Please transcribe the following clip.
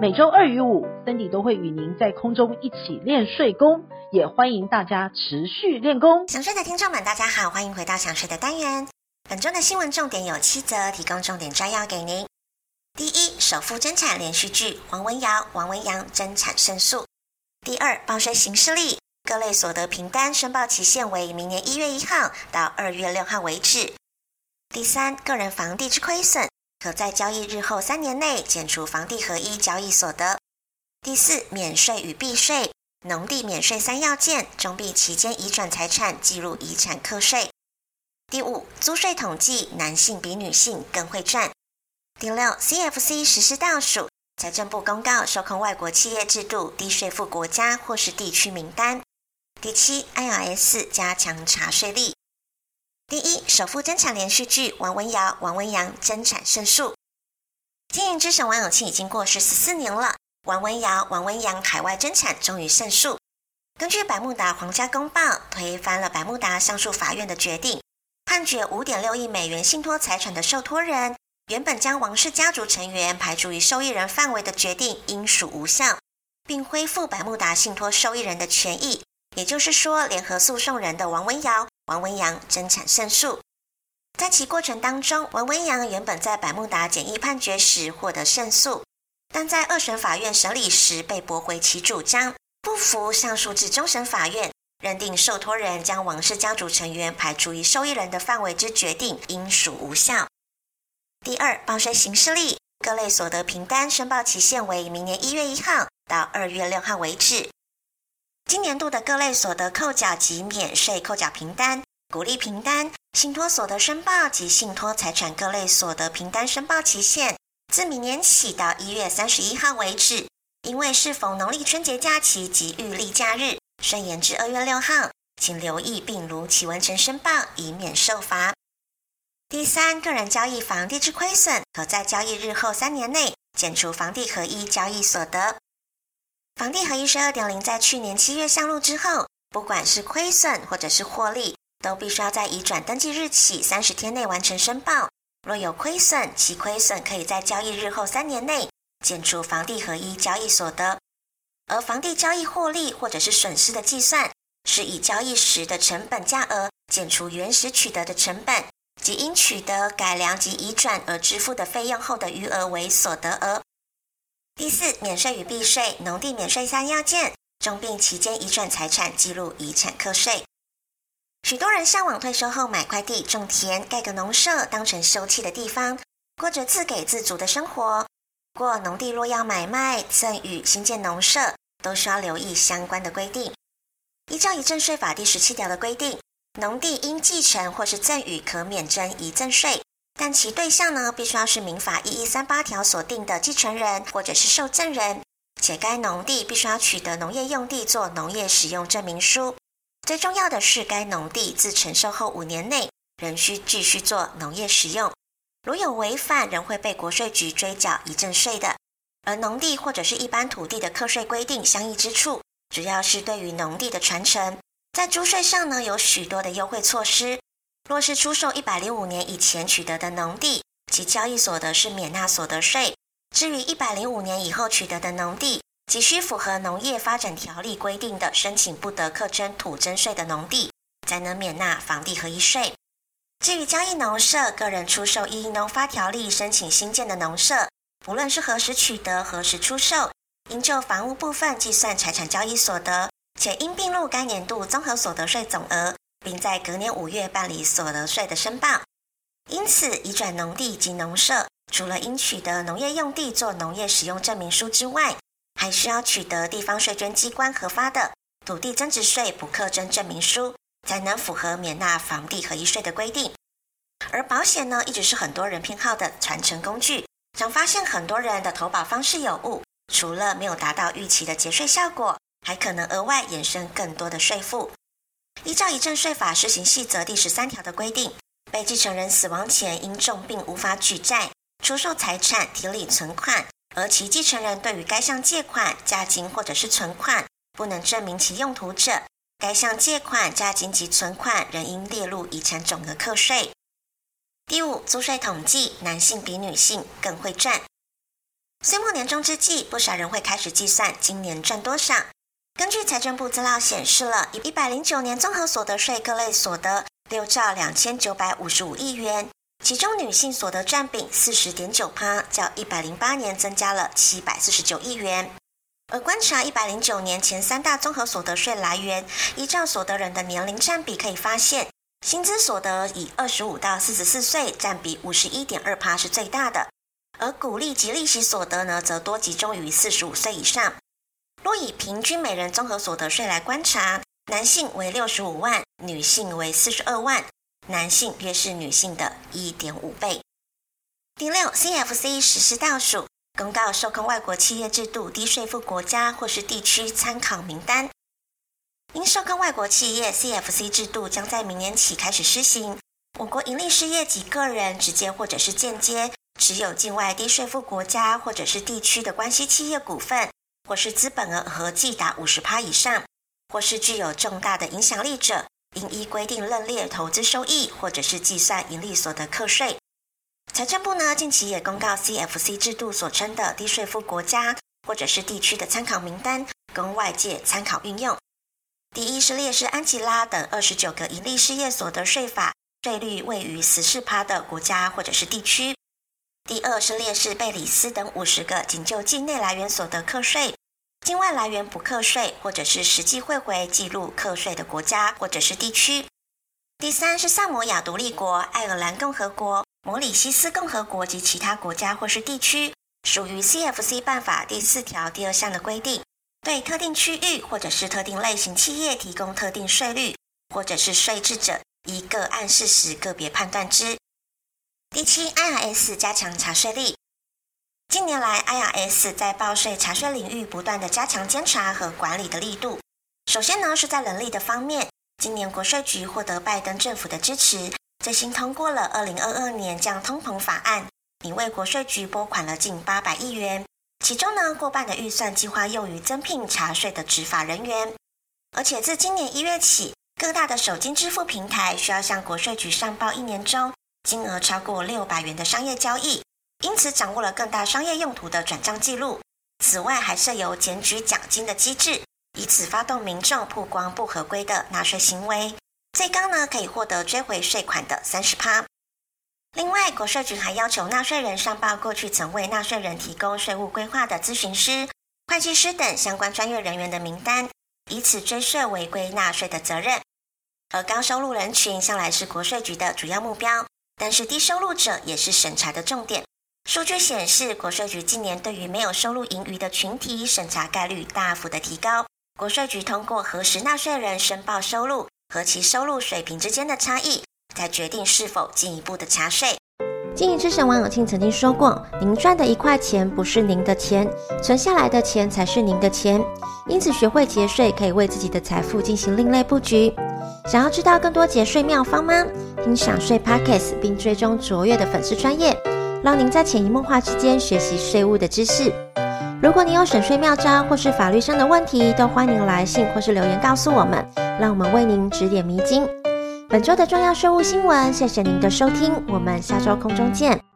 每週二與五，Cindy 都會與您在空中一起練稅功，也歡迎大家持續練功。享稅的聽眾們，大家好，歡迎回到享稅的單元。本週的新聞重點有七則，提供重點摘要給您。第一，首富爭產連續劇，王文堯、王文洋爭產勝訴。第二，報稅行事曆，各類所得憑單申報期限為明年一月一號到二月六號為止。第三，個人房地之虧損。可在交易日後三年內減除房地合一交易所得。第四，免稅與避稅，農地免稅三要件，中避期間遺轉財產計入遺產課稅。第五，租稅統計，男性比女性更會賺。第六，CFC 實施倒數，財政部公告收控外國企業制度，低稅負國家或是地區名單。第七，IRS 加強查稅力。第一，首富爭產連續劇，王文堯、王文洋爭產勝訴。經營之神王永慶已經過世十四年了，王文堯、王文洋海外爭產終於勝訴。根據百慕達皇家公報，推翻了百慕達上訴法院的決定，判決五點六億美元信託財產的受託人原本將王氏家族成員排除於受益人範圍的決定應屬無效，並恢復百慕達信託受益人的權益。也就是說，聯合訴訟人的王文堯。王文洋爭產勝訴，在其過程當中，王文洋原本在百慕達簡易判決時獲得勝訴，但在二審法院審理時被駁回其主張，不服上訴至終審法院，認定受托人將王氏家族成員排除於受益人的範圍之決定應屬無效。第二，報稅行事曆，各類所得憑單申報期限為明年一月一號到二月六號為止。今年度的各類所得扣繳及免稅扣繳憑單、股利憑單、信托所得申報及信托財產各類所得憑單申報期限，自明年起到一月三十一號為止。因為是否農曆春節假期及遇例假日，順延至二月六號，請留意並如期完成申報，以免受罰。第三，個人交易房地之虧損，可在交易日後三年內減除房地合一交易所得。房地合一稅二點零在去年七月上路之後，不管是虧損或者是獲利，都必須要在移轉登記日起三十天內完成申報。若有虧損，其虧損可以在交易日後三年內減除房地合一交易所得。而房地交易獲利或者是損失的計算，是以交易時的成本價額減除原始取得的成本，即因取得改良及移轉而支付的費用後的餘額為所得額。第四，免稅與避稅，農地免稅三要件，重病期間移轉財產計入遺產課稅。許多人向往退休後買塊地種田，蓋個農舍當成休憩的地方，過着自給自足的生活。不過，農地若要買賣、贈與、新建農舍，都需要留意相關的規定。依照遺贈稅法第十七條的規定，農地因繼承或是贈與可免徵遺贈稅。但其對象呢，必須要是民法一一三八條所定的繼承人或者是受贈人，且該農地必須要取得農業用地做農業使用證明書。最重要的是，該農地自承受後五年內仍需繼續做農業使用，如有違反，仍會被國稅局追繳遺贈稅的。而農地或者是一般土地的課稅規定相異之處，主要是對於農地的傳承，在租稅上呢有許多的優惠措施。若是出售一百零五年以前取得的農地，其交易所得是免納所得稅。至於一百零五年以後取得的農地，僅需符合農業發展條例規定的申請不得課徵土增稅的農地，才能免納房地合一稅。至於交易農舍，個人出售依農發條例申請新建的農舍，不論是何時取得、何時出售，應就房屋部分計算財產交易所得，且應併入該年度綜合所得稅總額。並在隔年五月辦理所得稅的申報。因此，移轉農地及農舍，除了應取得農業用地做農業使用證明書之外，還需要取得地方稅捐機關核發的土地增值稅不課徵證明書，才能符合免納房地合一稅的規定。而保險呢，一直是很多人偏好的傳承工具。常發現很多人的投保方式有誤，除了沒有達到預期的節稅效果，還可能額外衍生更多的稅負。依照《遺贈稅法施行細則》第十三條的規定，被繼承人死亡前因重病無法舉債、出售財產、提領存款，而其繼承人對於該項借款、價金或者是存款不能證明其用途者，該項借款、價金及存款仍應列入遺產總額課稅。第五，租稅統計，男性比女性更會賺。歲末年終之際，不少人會開始計算今年賺多少。根據財政部資料顯示了，以一百零九年綜合所得稅各類所得六兆兩千九百五十五億元，其中女性所得占比四十點九趴，較一百零八年增加了七百四十九億元。而觀察一百零九年前三大綜合所得稅來源，依照所得人的年齡占比，可以發現薪資所得以二十五到四十四歲占比五十一點二趴是最大的，而股利及利息所得呢，則多集中於四十五歲以上。若以平均每人綜合所得稅來觀察，男性為六十五萬，女性為四十二萬，男性約是女性的一點五倍。第六，CFC 實施倒數，公告受控外國企業制度低稅負國家或是地區參考名單。因受控外國企業 CFC 制度將在明年起開始施行，我國營利事業及個人直接或者是間接持有境外低稅負國家或者是地區的關係企業股份。或是資本額合計達五十趴以上，或是具有重大的影響力者，應依規定認列投資收益，或者是計算盈利所得課稅。財政部呢，近期也公告 CFC 制度所稱的低稅負國家或者是地區的參考名單，供外界參考運用。第一是列示安吉拉等二十九個盈利事業所得稅法稅率位於十四趴的國家或者是地區。第二是列示貝里斯等五十個僅就境內來源所得課稅。境外來源不課稅，或者是實際匯回記錄課稅的國家，或者是地區。第三是薩摩亞獨立國、愛爾蘭共和國、摩里西斯共和國及其他國家或是地區，屬於 CFC 辦法第四條第二項的規定，對特定區域或者是特定類型企業提供特定稅率，或者是稅制者，一個按事實個別判斷之。第七，IRS 加強查稅力。近年來，IRS 在報稅查稅領域不斷的加強監察和管理的力度。首先呢，是在人力的方面，今年國稅局獲得拜登政府的支持，最新通過了2022年降通膨法案，已為國稅局撥款了近800億元，其中呢，過半的預算計劃用於增聘查稅的執法人員。而且自今年一月起，各大的手機支付平台需要向國稅局上報一年中金額超過600元的商業交易。因此，掌握了更大商業用途的轉賬記錄。此外，還設有檢舉獎金的機制，以此發動民眾曝光不合規的納稅行為，最高呢可以獲得追回稅款的三十趴。另外，國稅局還要求納稅人上報過去曾為納稅人提供稅務規劃的諮詢師、會計師等相關專業人員的名單，以此追稅違規納稅的責任。而高收入人群向來是國稅局的主要目標，但是低收入者也是審查的重點。數據顯示，國稅局近年對於沒有收入盈餘的群體審查概率大幅的提高。國稅局通過核實納稅人申報收入和其收入水平之間的差異，才決定是否進一步的查稅。經營之神王永慶曾經說過：“您賺的一塊錢不是您的錢，存下來的錢才是您的錢。”因此，學會節稅可以為自己的財富進行另類布局。想要知道更多節稅妙方嗎？聽享稅 Podcast 並追蹤卓越的粉絲專頁。讓您在潛移默化之間學習稅務的知識。如果您有省稅妙招或是法律上的問題，都歡迎來信或是留言告訴我們，讓我們為您指點迷津。本週的重要稅務新聞，謝謝您的收聽，我們下週空中見。